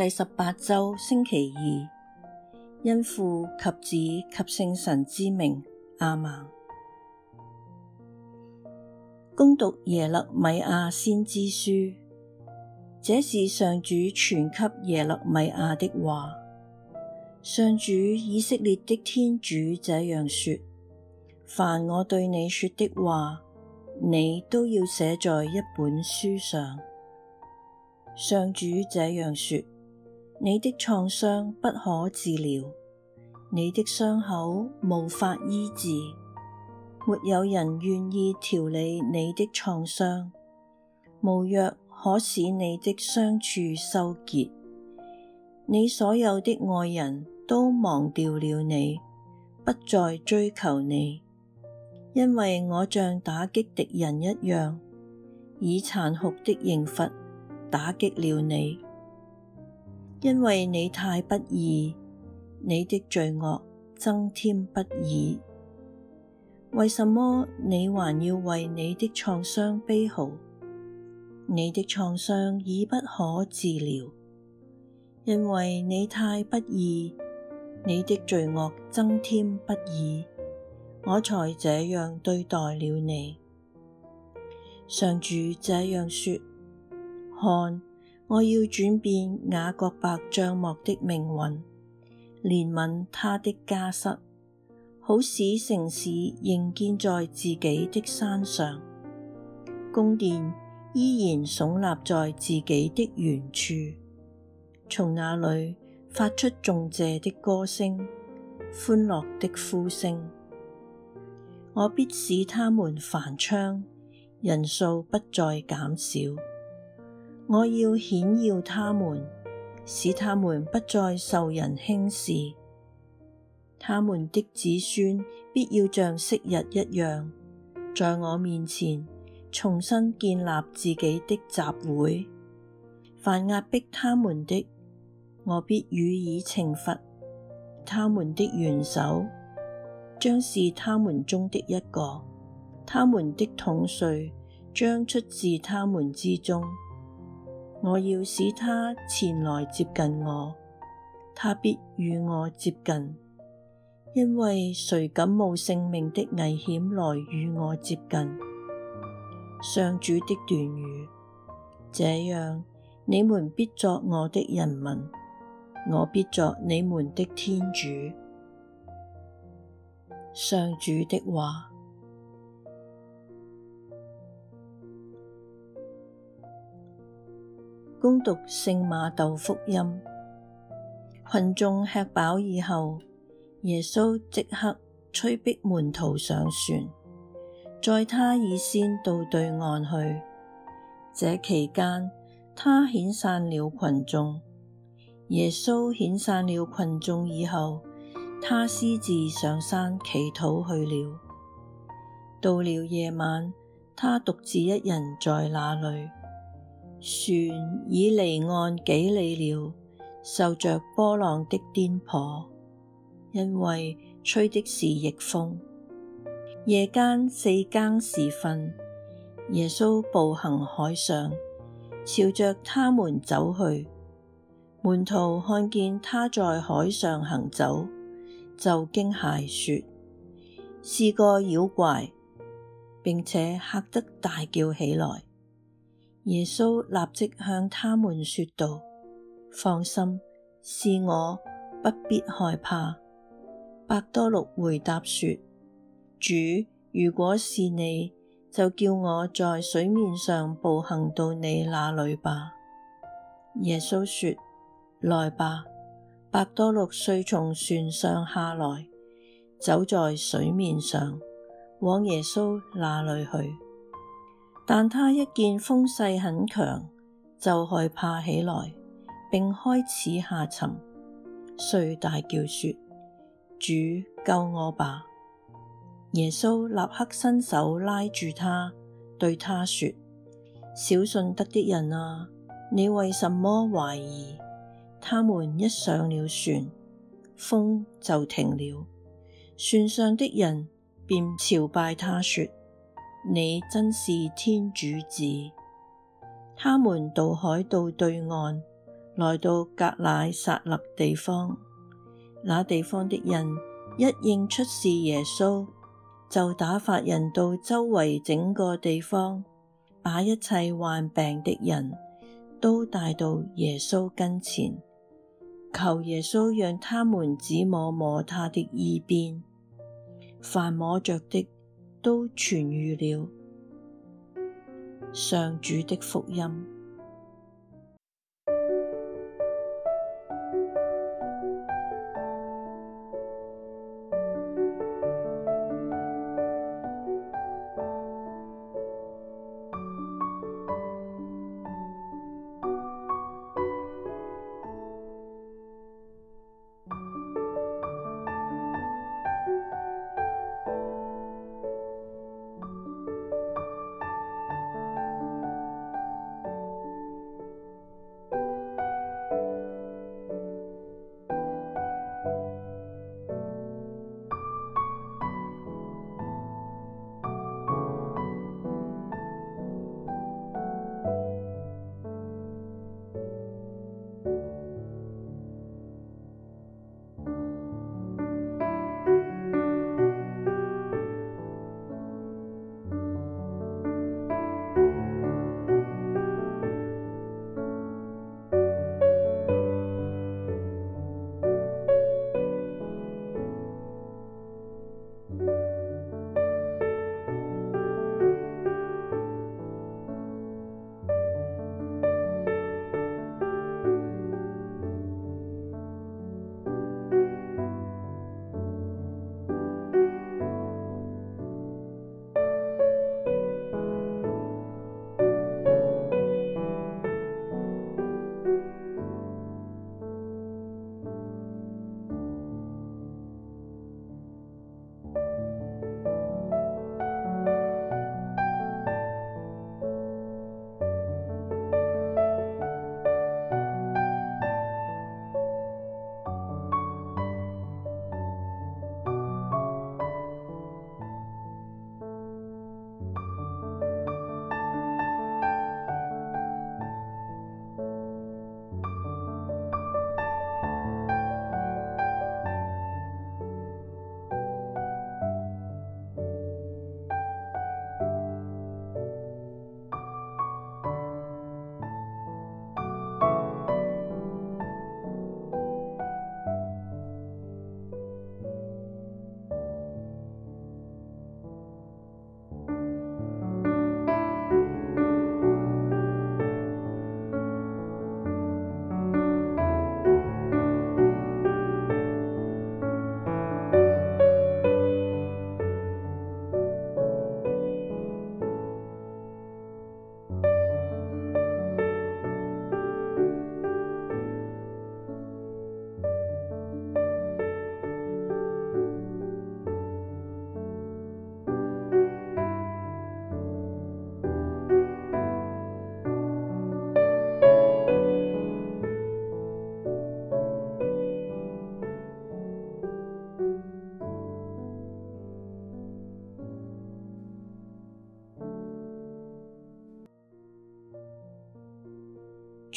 第十八周星期二，因父及子及聖神之名亞孟，恭讀耶肋米亞先知書。這是上主傳給耶肋米亞的話。上主以色列的天主這樣說：凡我對你說的話，你都要寫在一本書上。上主這樣說。你的創傷不可治療，你的傷口無法醫治，沒有人願意調理你的創傷，無藥可使你的傷處收結。你所有的愛人都忘掉了你，不再追求你，因為我像打擊敵人一樣，以殘酷的刑罰打擊了你。因為你太不義，你的罪惡增添不已。為什麼你還要為你的創傷悲號？你的創傷已不可治療。因為你太不義，你的罪惡增添不已，我才這樣對待了你。上主這樣說，看。我要轉變雅各伯帳幕的命運，憐憫他的家室，好使城市仍建在自己的山上，宮殿依然聳立在自己的原處，從那裏發出頌謝的歌聲，歡樂的呼聲。我必使他們繁昌，人數不再減少。我要顯耀他們，使他們不再受人輕視。他們的子孫必要像昔日一樣，在我面前重新建立自己的集會。凡壓迫他們的，我必予以懲罰。他們的元首將是他們中的一個，他們的統帥將出自他們之中。我要使他前來接近我，他必與我接近，因為誰敢冒性命的危險來與我接近？上主的斷語：這樣你們必作我的人民，我必作你們的天主。上主的話。恭讀聖瑪竇福音，群眾吃飽以後，耶穌即刻催迫門徒上船，在他以先到對岸去。這期間，他遣散了群眾。耶穌遣散了群眾以後，他私自上山祈禱去了。到了夜晚，他獨自一人在那裏。船已離岸幾里了，受着波浪的顛簸，因為吹的是逆風。夜間四更時分，耶穌步行海上，朝着他們走去。門徒看見他在海上行走，就驚駭說：「是個妖怪。」並且嚇得大叫起來。耶穌立即向他們說道：放心，是我，不必害怕。伯多祿回答說：主，如果是你，就叫我在水面上步行到你那裏吧。耶穌說：來吧。伯多祿遂從船上下來，走在水面上，往耶穌那裏去。但他一見風勢很強，就害怕起來，並開始下沉，遂大叫說：主救我吧！耶穌立刻伸手拉住他，對他說：小信德的人啊，你為什麼懷疑？他們一上了船，風就停了，船上的人便朝拜他說。你真是天主子！他們渡海到對岸，來到革乃撒勒地方，那地方的人一認出是耶穌，就打發人到周圍整個地方，把一切患病的人都帶到耶穌跟前，求耶穌讓他們只摸摸他的衣邊，凡摸着的。都痊愈了。上主的福音。